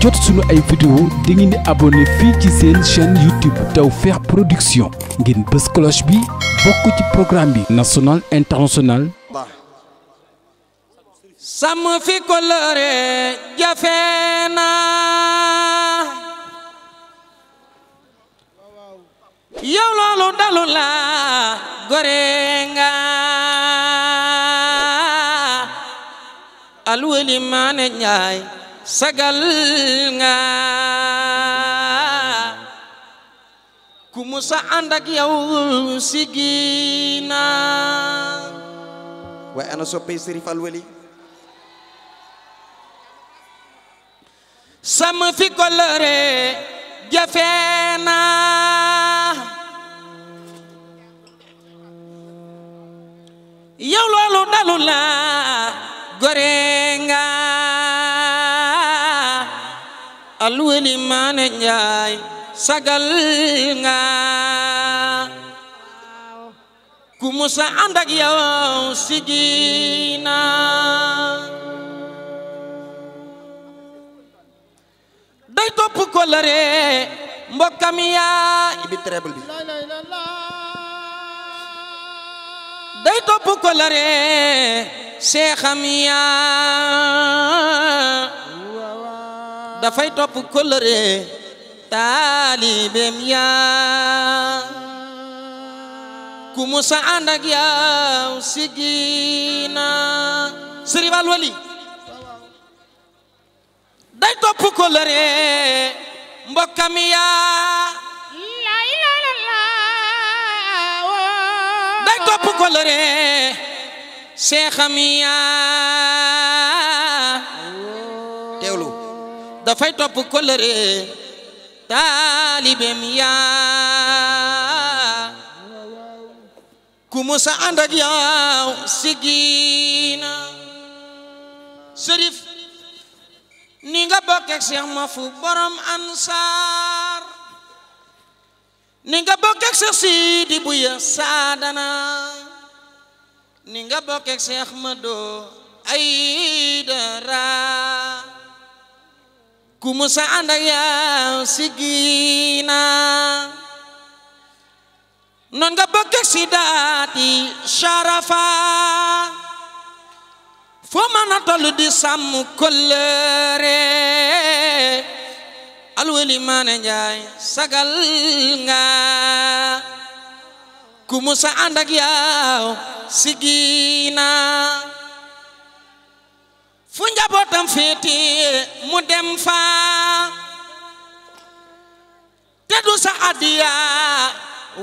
jot suñu ay vidéo da ngeen di fii ci seen chaîne YouTube Tawfekh Production ngeen bës cloche bi bokk ci programme bi national international sàmm fi ko lëre jafe na yow loolu dalu la gore nga alweli maane ñaay sagal nga ku musa ànd ak sigina waaye ana soppey Sëriñ Fall Wali sama fi kolore jafeena yow loolu dalu la gore wëli maane njaay sagal nga ku musa ànd ak yow sigina day topp ko lare mbokkam yaa ibi treble bi day topp ko lare seexam yaa dafay topp kóllëre taalibeem yaa ku musa ànd ak yaw sigina sëriñ day topp kóllëre mbokkam yaa lay la oh. day topp kóllëre seexam yaa dafay topp kolëre taalibeem yaa ku musa ànd ak yaw sigina sërif ni nga bokkeek seex ma fu borom ansaar ni nga bokkeek seex siidi bu ya saadana ni nga bokkeek seex ma doo ay dara ku musa ànd ak yaw siggi naa noon nga si daati sharafa foo mën a tollu di sàmm kóllëre alwali maane njaay sagal nga ku musa ànd ak yaw siggi naa fu njabootam féete mu dem fa te du sa adiya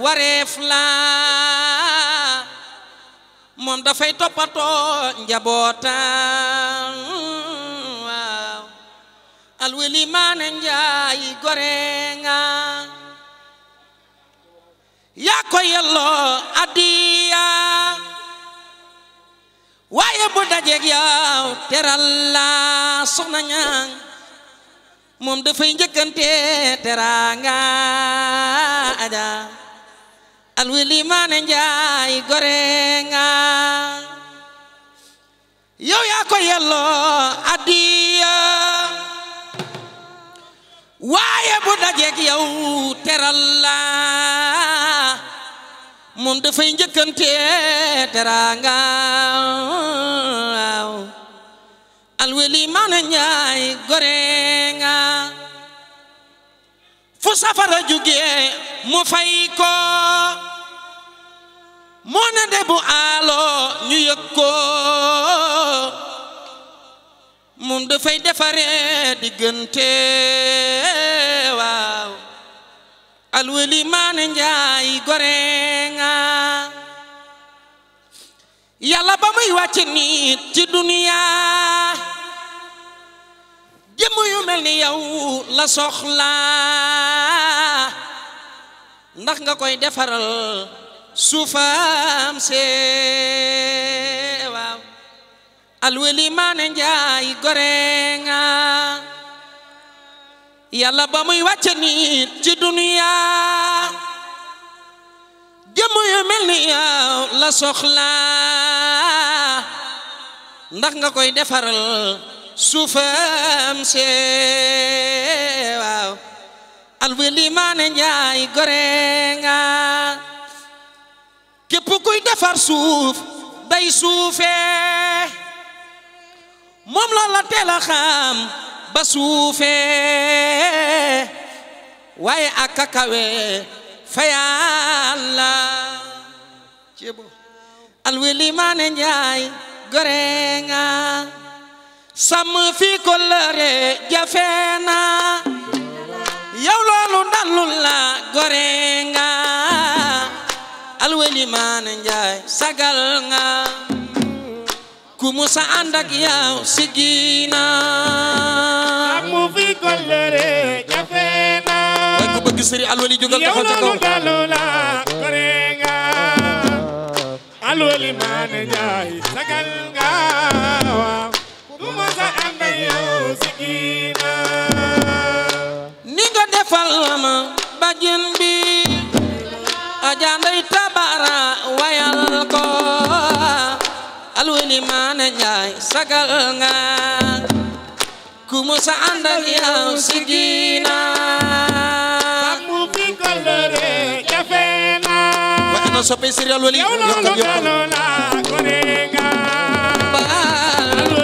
wareef la moom dafay toppatoo njabootam waaw alweli maane njaay gore nga yaa ko yelloo adiya waaye bu dajeeg yow teral la soxna ñaan moom dafay njëkkante teraanga aja alweli maane njaay gore nga yow yaa ko yelloo addiya waaye bu dajeek yow teral la moom dafay njëkkante teraanga alweli maane njaay gore fu safara jugee mu fay ko na de bu aaloo ñu yëg ko moom dafay defaree diggante waaw alweli maane njaay gore nga ba muy wàcc nit ci duniyaa jëmm yu mel ni yow la soxla ndax nga koy defaral suufam see waaw alweli maane njaay gore nga yàlla ba muy wàcce yu mel ni yow la soxla ndax nga koy defaral suufam see waaw alweli maane njaay gore nga képp kuy suuf day suufee moom la la teel ba suufee waaye ak fa yàlla ceebo alweli maane njaay gore sàmm fi kóllëre jafe na yow loolu dalul la gore nga alwelimaan njaay sagal nga ku musa ànd yaw sigina sàmm fi kóllëre jafe na way ku bëgg sëri alweli jógal taxaw ca kaw yow loolu dalul njaay sagal nga du ni nga defal ma bajin bi aja ndey tabara wayal ko alweli maane njaay sagal nga ku ma sa ànd yow sikina mu fi kolore jafe na wa ana soppe serial wali yow la ko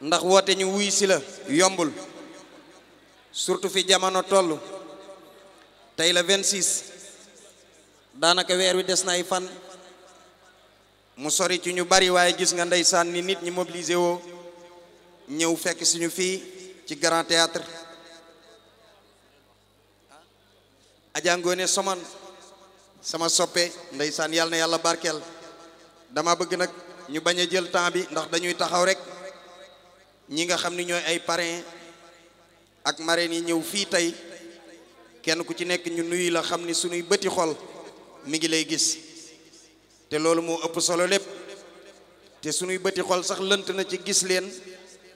ndax woote ñu wuy si la yombul surtout fi jamono toll tey la 26 daanaka weer wi des na fan mu sori ci ñu bari waaye gis nga ndeysaan ni nit ñi mobilisé woo ñëw fekk suñu fii ci grand théâtre ajangoone soman sama soppe ndeysaan yàlla na yàlla barkeel dama bëgg nag ñu bañ a jël temps bi ndax dañuy taxaw rek ñi nga xam ni ñooy ay parrain ak marraine yi ñëw fii tey kenn ku ci nekk ñu nuyu la xam ni suñuy bëti xol mu ngi lay gis te loolu moo ëpp solo lépp te suñuy bëti xol sax lënt na ci gis leen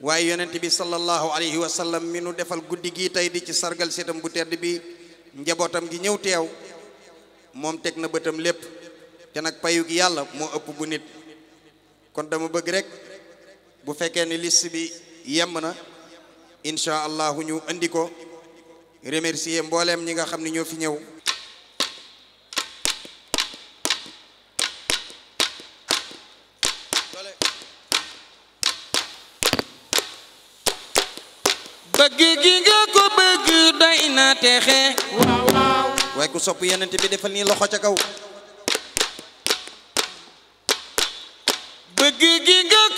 waaye yonent bi sallallahu alayhi wa sallam mi nu defal guddi gii tey di ci sargal seetam bu tedd bi njabootam gi ñëw teew moom teg na bëtam lépp te nag payu gi yàlla moo ëpp bu nit kon dama bëgg rek bu fekkee ni liste bi yemm na incha ñu indi mbooleem ñi nga xam ne ñoo fi ñëw bëgg gi nga ko bëgg doy na texe waaw waaw waaye ku sopp yenente bi defal nii loxo ca kaw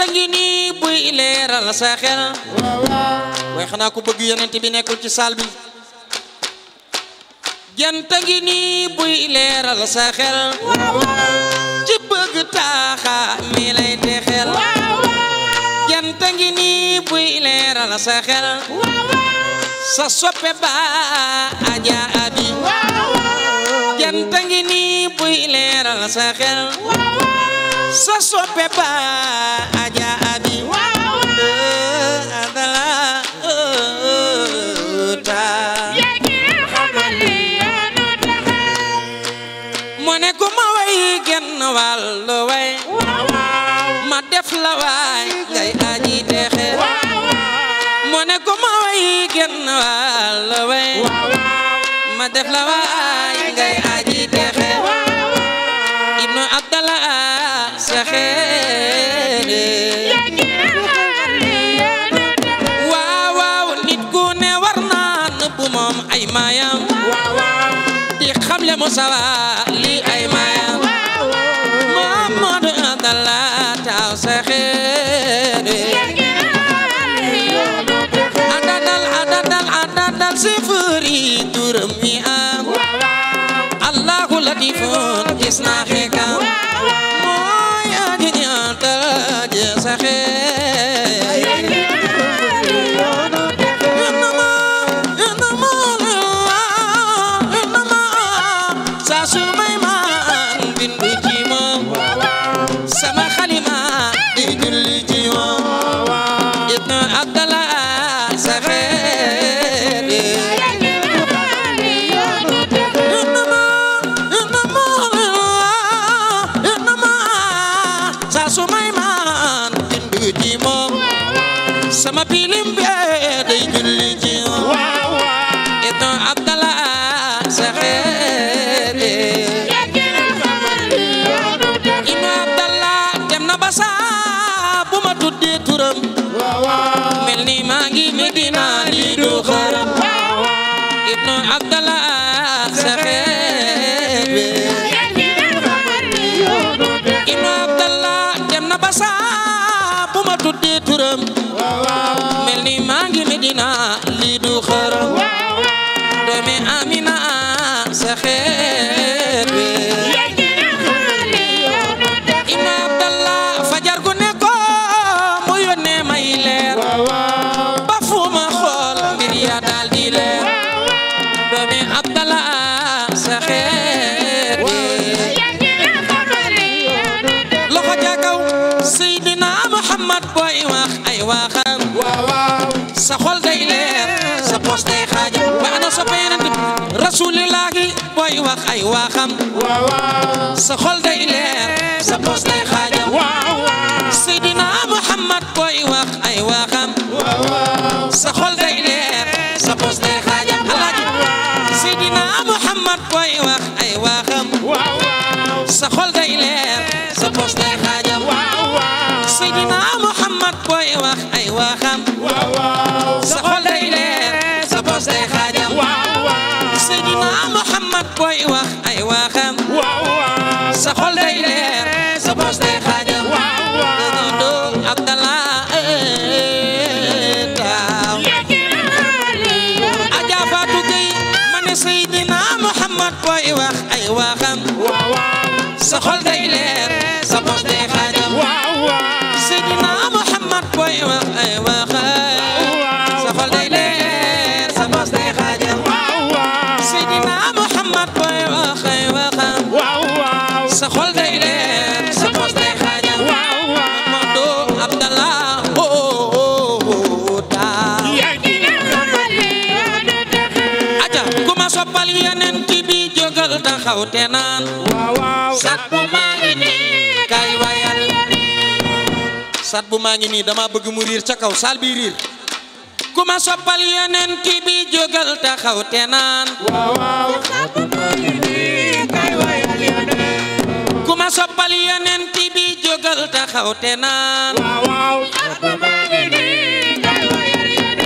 a ngi nii buy leeral sa bëgg yonent bi nekkul ci saal bi a ngi nii sa bëgg taaxa mi lay sa soppe ba aja abi jant a buy leeral sa sa soppe ba aja abi adala ta yegi xamal li yoonu ma def la waay ngay dexe mu ne ku ma way genn wàllu la waay ngay aji dexe sawa li ay maya Muhammadu Abdallah taw sa xeere adadal adadal adadal sifuri turam mi am Allahu latifun gis naa xekam ni maa ngi Medina li du xaram ibnu Abdallah waaxaan waaw sa xol day leer sa pos day xaaja ba ana soppe yonent rasuulillaahi booy wax ay waaxam waaw sa xol day leer sa pos day xaaja waaw seydina muhammad booy wax ay waaxam waaw sa xol day leer sa pos day xaaja alaaji seydina muhammad booy wax ay waaxam waaw sa xol day leer sa pos day xaaja waaw seydina muhammad booy wax waxam waaw waaw taxaw sat bu maa ngi nii dama bëgg mu riir ca kaw sal bi ku ma soppal yonent bi jógal taxaw te naan bu maa ngi nii kay wayal ku ma soppal yonent bi jógal taxaw te naan bu maa ngi nii kay wayal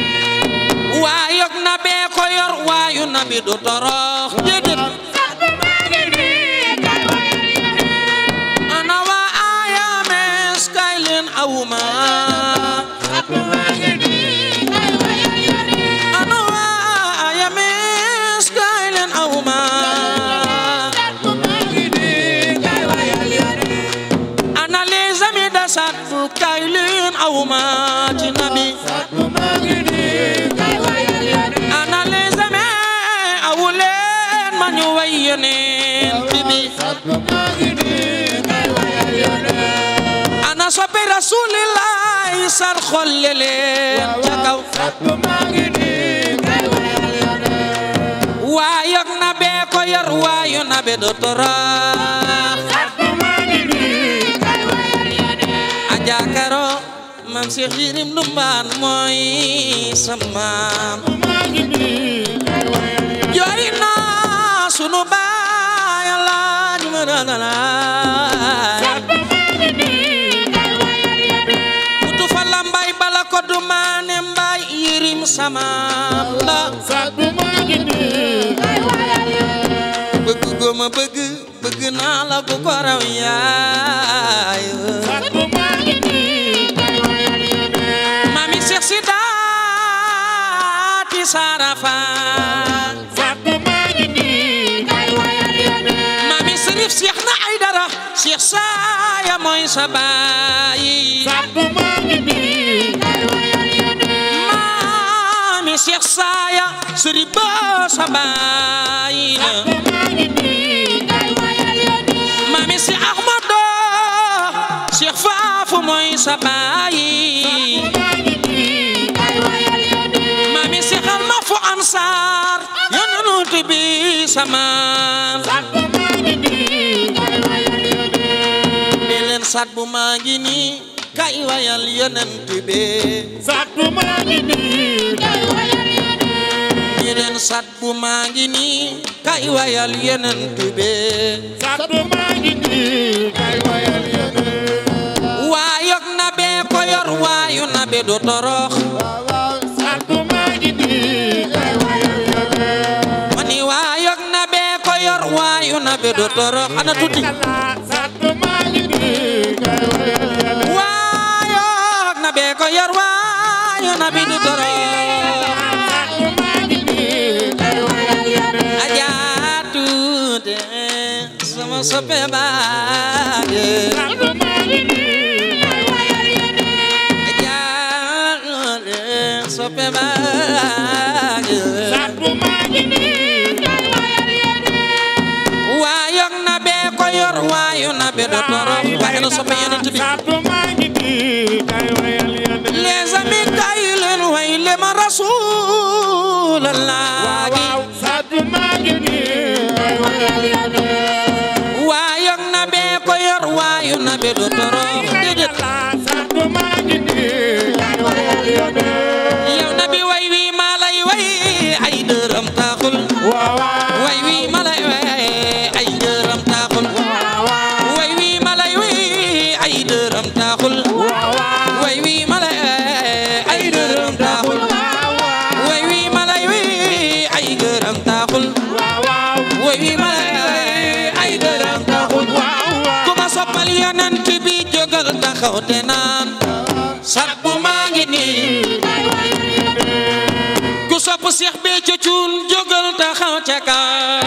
waayog na bee ko yor waayu na bi du torox jëdët يوما rasulillahi sar xolle leen ca kaw waayook na bee ko yor waayu na be do toraax a jaakaro maam si xiirim dumbaan mooy samaam yori na sunu baay laaj ma moom sama la saat bu maa ngi bu maa ngi nii mami seex si daati sarafa saat bu maa ngi nii mami sërif seex na ay dara seex saaya mooy sa baay saya seribu sabaina mami si ahmado Cheikh Faafu mooy sa baay mami si xalma fu ansar yonent bi sama di leen sat bu maa ngi nii kay wayal yonent bi sat bu maa ngi nii kay wayal ni leen sat bu maa ngi nii kay wayal yeneen tube sat bu maa ngi nii kay wayal yeneen waayok na bee ko yor waayu na be du torox sat bu maa ngi nii kay wayal yeneen ma ni waayok na bee ko yor waayu na be du torox ana tuuti soppe baade jaale soppe baade waayook na bee ko yor waayu na bee do torox waaye na soppe yonent bi les amis kay leen way le ma rasulallah waaw waaw yu nabi du torox déedéet taxaw te naan sat bu ngi nii ku sopp Seex Béthio Thioune jógal taxaw ca kaw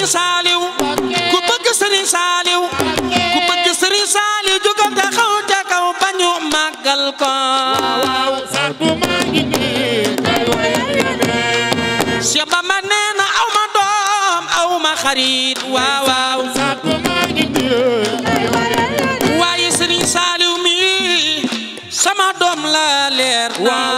sëriñ saaliw ku bëgg sëriñ saaliw ku bëgg sëriñ saaliw jógal te xaw ca kaw bañu màggal ko Seex Bamba nee na aw ma doom aw ma xarit waaw waaw waaye doom la leer waaw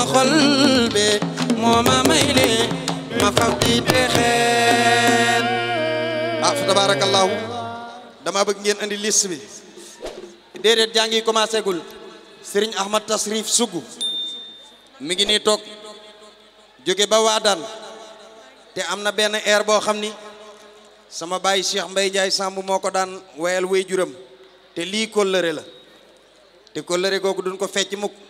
sama xol be moo ma may le ma fab di texeen ah fa tabarakallahu dama bëgg ngeen andi list bi déedéet jaa ngi commencé gul Serigne Ahmad Tasrif Sougou mu ngi nii toog jóge ba waadaan te am na benn air boo xam ni sama baay Cheikh Mbaye Ndiaye Samb moo ko daan wayal way juram te lii kóllëre la te kóllëre googu duñ ko fecc mukk